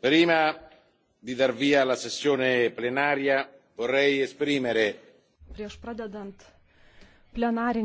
prima di dar via alla sessione plenaria vorrei esprimere prieš pradedant plenarinę sesiją